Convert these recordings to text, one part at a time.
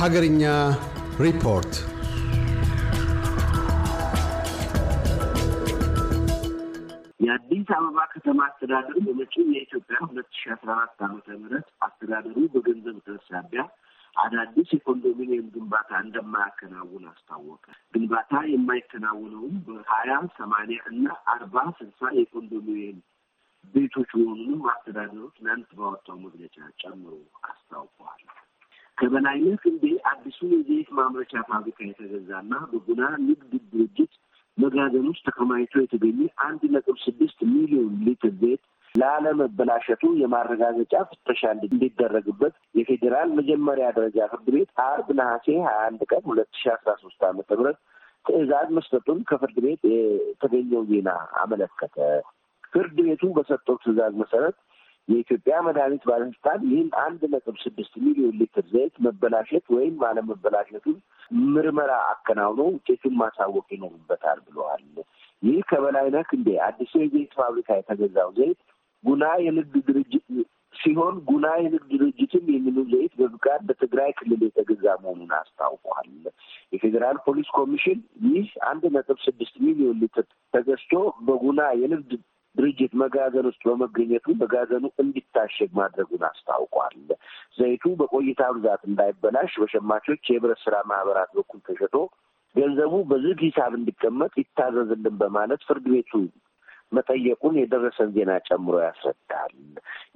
Hagarinya report. የአዲስ አበባ ከተማ አስተዳደሩ በመጪው የኢትዮጵያ ሁለት ሺ አስራ አራት ዓመተ ምህረት አስተዳደሩ በገንዘብ እጥረት ሳቢያ አዳዲስ የኮንዶሚኒየም ግንባታ እንደማያከናውን አስታወቀ። ግንባታ የማይከናውነውም በሀያ ሰማንያ እና አርባ ስልሳ የኮንዶሚኒየም ቤቶች መሆኑንም አስተዳደሩ ትናንት ባወጣው መግለጫ ጨምሮ አስታውቀዋል። ከበላይነት እንዴ አዲሱ የዘይት ማምረቻ ፋብሪካ የተገዛና በጉና ንግድ ድርጅት መጋዘን ውስጥ ተከማይቶ የተገኘ አንድ ነጥብ ስድስት ሚሊዮን ሊትር ዘይት ላለመበላሸቱ የማረጋገጫ ፍተሻ እንዲደረግበት የፌዴራል መጀመሪያ ደረጃ ፍርድ ቤት አርብ ነሐሴ ሀያ አንድ ቀን ሁለት ሺ አስራ ሶስት አመተ ምህረት ትዕዛዝ መስጠቱን ከፍርድ ቤት የተገኘው ዜና አመለከተ። ፍርድ ቤቱ በሰጠው ትዕዛዝ መሰረት የኢትዮጵያ መድኃኒት ባለስልጣን ይህን አንድ ነጥብ ስድስት ሚሊዮን ሊትር ዘይት መበላሸት ወይም አለመበላሸቱን ምርመራ አከናውኖ ውጤቱን ማሳወቅ ይኖሩበታል ብለዋል። ይህ ከበላይነህ እንዴ አዲሱ የዘይት ፋብሪካ የተገዛው ዘይት ጉና የንግድ ድርጅት ሲሆን ጉና የንግድ ድርጅትም ይህንኑ ዘይት በፍቃድ በትግራይ ክልል የተገዛ መሆኑን አስታውቋል። የፌዴራል ፖሊስ ኮሚሽን ይህ አንድ ነጥብ ስድስት ሚሊዮን ሊትር ተገዝቶ በጉና የንግድ ድርጅት መጋዘን ውስጥ በመገኘቱ መጋዘኑ እንዲታሸግ ማድረጉን አስታውቋል። ዘይቱ በቆይታ ብዛት እንዳይበላሽ በሸማቾች የህብረት ስራ ማህበራት በኩል ተሸጦ ገንዘቡ በዝግ ሂሳብ እንዲቀመጥ ይታዘዝልን በማለት ፍርድ ቤቱ መጠየቁን የደረሰን ዜና ጨምሮ ያስረዳል።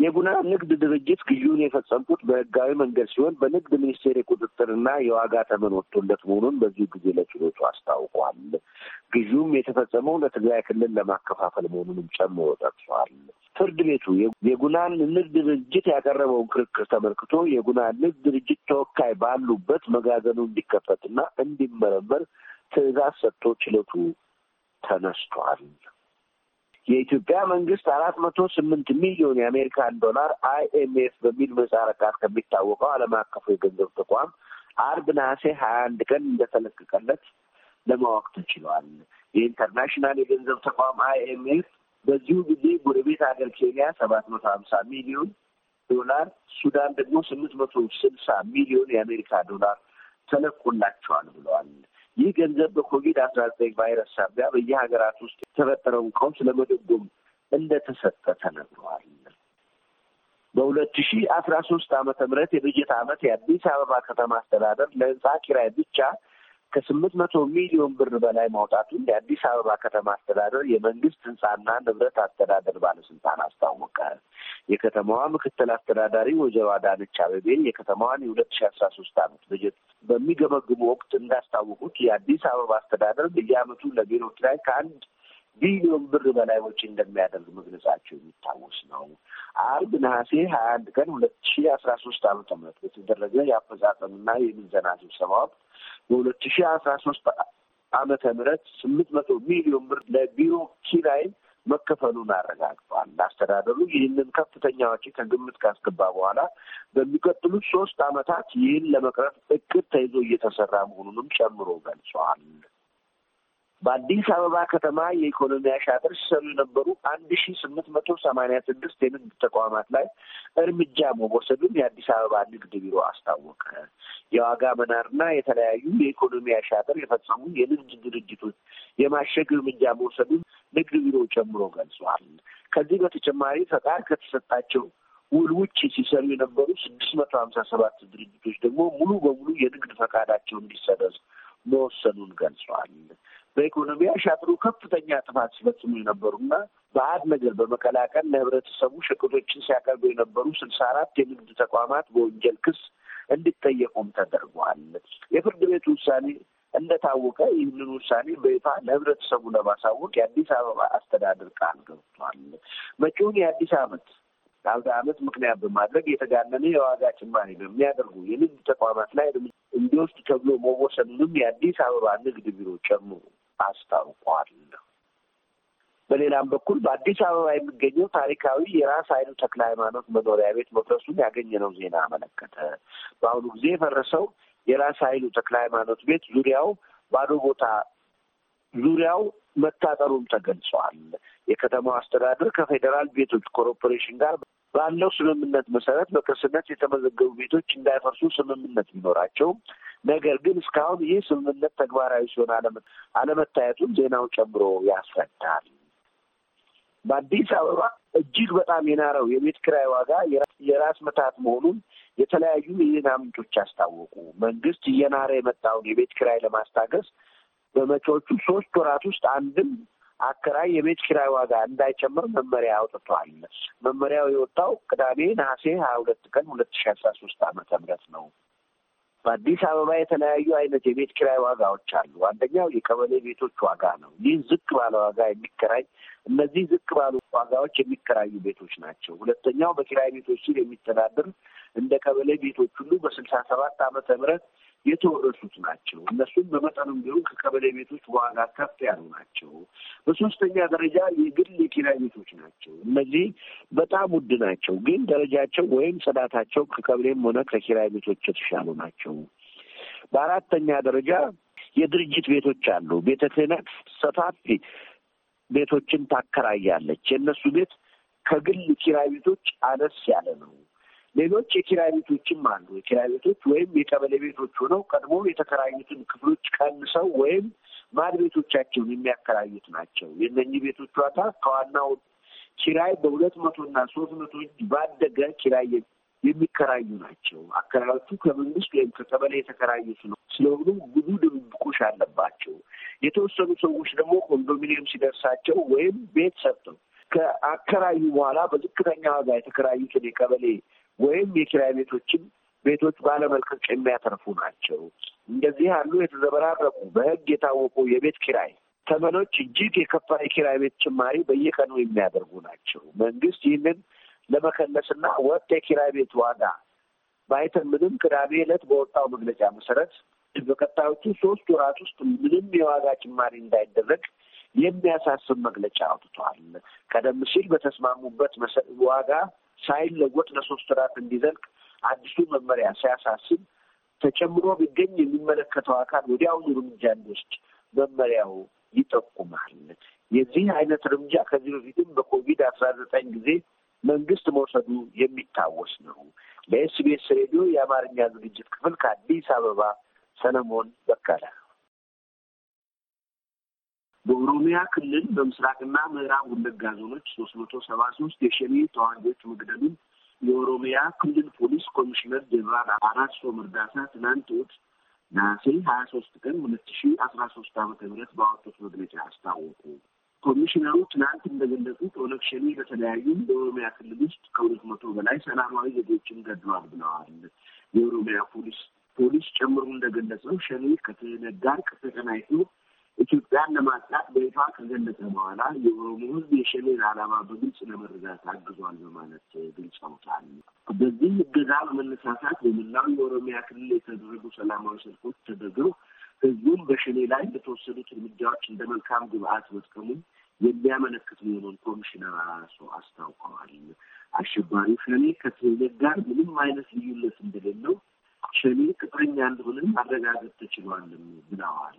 የጉና ንግድ ድርጅት ግዢውን የፈጸምኩት በህጋዊ መንገድ ሲሆን በንግድ ሚኒስቴር የቁጥጥርና የዋጋ ተመን ወጥቶለት መሆኑን በዚሁ ጊዜ ለችሎቱ አስታውቋል። ግዢውም የተፈጸመው ለትግራይ ክልል ለማከፋፈል መሆኑንም ጨምሮ ጠቅሷል። ፍርድ ቤቱ የጉናን ንግድ ድርጅት ያቀረበውን ክርክር ተመልክቶ የጉና ንግድ ድርጅት ተወካይ ባሉበት መጋዘኑ እንዲከፈትና እንዲመረመር ትዕዛዝ ሰጥቶ ችሎቱ ተነስቷል። የኢትዮጵያ መንግስት አራት መቶ ስምንት ሚሊዮን የአሜሪካን ዶላር አይኤምኤፍ በሚል ምህጻረ ቃል ከሚታወቀው ዓለም አቀፉ የገንዘብ ተቋም አርብ ነሐሴ ሀያ አንድ ቀን እንደተለቀቀለት ለማወቅ ተችሏል። የኢንተርናሽናል የገንዘብ ተቋም አይኤምኤፍ በዚሁ ጊዜ ጎረቤት ሀገር ኬንያ ሰባት መቶ ሀምሳ ሚሊዮን ዶላር፣ ሱዳን ደግሞ ስምንት መቶ ስልሳ ሚሊዮን የአሜሪካ ዶላር ተለቆላቸዋል ብለዋል። ይህ ገንዘብ በኮቪድ አስራ ዘጠኝ ቫይረስ ሳቢያ በየሀገራት ውስጥ የተፈጠረውን ቀውስ ለመደጎም እንደተሰጠ ተነግረዋል። በሁለት ሺ አስራ ሶስት ዓመተ ምህረት የበጀት ዓመት የአዲስ አበባ ከተማ አስተዳደር ለህንፃ ኪራይ ብቻ ከስምንት መቶ ሚሊዮን ብር በላይ ማውጣቱን የአዲስ አበባ ከተማ አስተዳደር የመንግስት ህንፃና ንብረት አስተዳደር ባለስልጣን አስታወቀ። የከተማዋ ምክትል አስተዳዳሪ ወይዘሮ አዳነች አቤቤ የከተማዋን የሁለት ሺ አስራ ሶስት አመት በጀት በሚገመግሙ ወቅት እንዳስታወቁት የአዲስ አበባ አስተዳደር በየአመቱ ለቢሮ ኪራይ ከአንድ ቢሊዮን ብር በላይ ወጪ እንደሚያደርግ መግለጻቸው የሚታወስ ነው። አርብ ነሐሴ ሀያ አንድ ቀን ሁለት ሺ አስራ ሶስት ዓመተ ምህረት በተደረገ የአፈጻጸምና የምዘና ስብሰባ ወቅት በሁለት ሺ አስራ ሶስት ዓመተ ምህረት ስምንት መቶ ሚሊዮን ብር ለቢሮ ኪራይ መከፈሉን አረጋግጧል። አስተዳደሩ ይህንን ከፍተኛ ወጪ ከግምት ካስገባ በኋላ በሚቀጥሉት ሶስት ዓመታት ይህን ለመቅረፍ እቅድ ተይዞ እየተሰራ መሆኑንም ጨምሮ ገልጿል። በአዲስ አበባ ከተማ የኢኮኖሚ አሻጥር ሲሰሩ የነበሩ አንድ ሺ ስምንት መቶ ሰማኒያ ስድስት የንግድ ተቋማት ላይ እርምጃ መወሰዱን የአዲስ አበባ ንግድ ቢሮ አስታወቀ። የዋጋ መናርና የተለያዩ የኢኮኖሚ አሻጥር የፈጸሙ የንግድ ድርጅቶች የማሸግ እርምጃ መውሰዱን ንግድ ቢሮ ጨምሮ ገልጿል። ከዚህ በተጨማሪ ፈቃድ ከተሰጣቸው ውል ውጭ ሲሰሩ የነበሩ ስድስት መቶ ሀምሳ ሰባት ድርጅቶች ደግሞ ሙሉ በሙሉ የንግድ ፈቃዳቸው እንዲሰረዝ መወሰኑን ገልጿል። በኢኮኖሚ አሻጥሩ ከፍተኛ ጥፋት ሲፈጽሙ የነበሩና በአድ ነገር በመቀላቀል ለህብረተሰቡ ሸቀጦችን ሲያቀርቡ የነበሩ ስልሳ አራት የንግድ ተቋማት በወንጀል ክስ እንዲጠየቁም ተደርጓል። የፍርድ ቤት ውሳኔ እንደታወቀ ይህንን ውሳኔ በይፋ ለህብረተሰቡ ለማሳወቅ የአዲስ አበባ አስተዳደር ቃል ገብቷል። መጪውን የአዲስ ዓመት ከአብዛ ዓመት ምክንያት በማድረግ የተጋነነ የዋጋ ጭማሪ በሚያደርጉ የንግድ ተቋማት ላይ እንዲወስድ ተብሎ መወሰኑንም የአዲስ አበባ ንግድ ቢሮ ጨምሮ አስታውቋል። በሌላም በኩል በአዲስ አበባ የሚገኘው ታሪካዊ የራስ ኃይሉ ተክለ ሃይማኖት መኖሪያ ቤት መፍረሱን ያገኘነው ዜና አመለከተ። በአሁኑ ጊዜ የፈረሰው የራስ ኃይሉ ተክለ ሃይማኖት ቤት ዙሪያው ባዶ ቦታ ዙሪያው መታጠሩም ተገልጿል። የከተማው አስተዳደር ከፌዴራል ቤቶች ኮርፖሬሽን ጋር ባለው ስምምነት መሰረት በቅርስነት የተመዘገቡ ቤቶች እንዳይፈርሱ ስምምነት ቢኖራቸውም ነገር ግን እስካሁን ይህ ስምምነት ተግባራዊ ሲሆን አለመታየቱን ዜናው ጨምሮ ያስረዳል። በአዲስ አበባ እጅግ በጣም የናረው የቤት ክራይ ዋጋ የራስ ምታት መሆኑን የተለያዩ የዜና ምንጮች አስታወቁ። መንግስት እየናረ የመጣውን የቤት ክራይ ለማስታገስ በመቼዎቹ ሶስት ወራት ውስጥ አንድም አከራይ የቤት ኪራይ ዋጋ እንዳይጨምር መመሪያ አውጥቷል። መመሪያው የወጣው ቅዳሜ ነሐሴ ሀያ ሁለት ቀን ሁለት ሺ አስራ ሶስት ዓመተ ምህረት ነው። በአዲስ አበባ የተለያዩ አይነት የቤት ኪራይ ዋጋዎች አሉ። አንደኛው የቀበሌ ቤቶች ዋጋ ነው። ይህ ዝቅ ባለ ዋጋ የሚከራይ እነዚህ ዝቅ ባሉ ዋጋዎች የሚከራዩ ቤቶች ናቸው። ሁለተኛው በኪራይ ቤቶች ሲል የሚተዳደር እንደ ቀበሌ ቤቶች ሁሉ በስልሳ ሰባት ዓመተ ምህረት የተወረሱት ናቸው። እነሱም በመጠኑም ቢሆን ከቀበሌ ቤቶች በዋጋ ከፍ ያሉ ናቸው። በሶስተኛ ደረጃ የግል የኪራይ ቤቶች ናቸው። እነዚህ በጣም ውድ ናቸው፣ ግን ደረጃቸው ወይም ጽዳታቸው ከቀበሌም ሆነ ከኪራይ ቤቶች የተሻሉ ናቸው። በአራተኛ ደረጃ የድርጅት ቤቶች አሉ። ቤተ ክህነት ሰፋፊ ቤቶችን ታከራያለች። የእነሱ ቤት ከግል ኪራይ ቤቶች አነስ ያለ ነው። ሌሎች የኪራይ ቤቶችም አሉ። የኪራይ ቤቶች ወይም የቀበሌ ቤቶች ሆነው ቀድሞ የተከራዩትን ክፍሎች ቀንሰው ወይም ማድ ቤቶቻቸውን የሚያከራዩት ናቸው። የእነኚህ ቤቶች ዋጋ ከዋናው ኪራይ በሁለት መቶ እና ሶስት መቶ እጅ ባደገ ኪራይ የሚከራዩ ናቸው። አከራዮቹ ከመንግስት ወይም ከቀበሌ የተከራዩ ስለሆኑ ብዙ ድብብቆሽ አለባቸው። የተወሰኑ ሰዎች ደግሞ ኮንዶሚኒየም ሲደርሳቸው ወይም ቤት ሰጥተው ከአከራዩ በኋላ በዝቅተኛ ዋጋ የተከራዩትን የቀበሌ ወይም የኪራይ ቤቶችን ቤቶች ባለመልቀቅ የሚያተርፉ ናቸው። እንደዚህ ያሉ የተዘበራረቁ በህግ የታወቁ የቤት ኪራይ ተመኖች እጅግ የከፋ የኪራይ ቤት ጭማሪ በየቀኑ የሚያደርጉ ናቸው። መንግስት ይህንን ለመከለስና ወጥ የኪራይ ቤት ዋጋ ባይተን ምንም ቅዳሜ ዕለት በወጣው መግለጫ መሰረት በቀጣዮቹ ሶስት ወራት ውስጥ ምንም የዋጋ ጭማሪ እንዳይደረግ የሚያሳስብ መግለጫ አውጥቷል። ቀደም ሲል በተስማሙበት ዋጋ ሳይለወጥ ለሶስት ወራት እንዲዘልቅ አዲሱ መመሪያ ሲያሳስብ ተጨምሮ ቢገኝ የሚመለከተው አካል ወዲያውኑ እርምጃ እንዲወስድ መመሪያው ይጠቁማል። የዚህ አይነት እርምጃ ከዚህ በፊትም በኮቪድ አስራ ዘጠኝ ጊዜ መንግስት መውሰዱ የሚታወስ ነው። ለኤስቢኤስ ሬዲዮ የአማርኛ ዝግጅት ክፍል ከአዲስ አበባ ሰለሞን በቀለ። በኦሮሚያ ክልል በምስራቅና ምዕራብ ወለጋ ዞኖች ሶስት መቶ ሰባ ሶስት የሸኔ ተዋጊዎች መግደሉን የኦሮሚያ ክልል ፖሊስ ኮሚሽነር ጀኔራል አራርሶ መርዳሳ ትናንት እሑድ ነሐሴ ሀያ ሶስት ቀን ሁለት ሺ አስራ ሶስት ዓመተ ምህረት ባወጡት መግለጫ አስታወቁ። ኮሚሽነሩ ትናንት እንደገለጹት ኦነግ ሸኔ በተለያዩ የኦሮሚያ ክልል ውስጥ ከሁለት መቶ በላይ ሰላማዊ ዜጎችን ገድሏል ብለዋል። የኦሮሚያ ፖሊስ ፖሊስ ጨምሮ እንደገለጸው ሸኔ ከተነጋር ከተቀናይቶ ኢትዮጵያን ለማጥቃት በይፋ ከገለጸ በኋላ የኦሮሞ ሕዝብ የሸኔን ዓላማ በግልጽ ለመረዳት አግዟል በማለት ገልጸውታል። በዚህ እገዛ በመነሳሳት በመላው የኦሮሚያ ክልል የተደረጉ ሰላማዊ ሰልፎች ተደርገው ህዝቡም በሸኔ ላይ የተወሰዱት እርምጃዎች እንደ መልካም ግብአት መጥቀሙን የሚያመለክት መሆኑን ኮሚሽነር አራሶ አስታውቀዋል። አሸባሪው ሸኔ ከትውልድ ጋር ምንም አይነት ልዩነት እንደሌለው ሸኔ ቅጥረኛ እንደሆነ ማረጋገጥ ተችሏልም ብለዋል።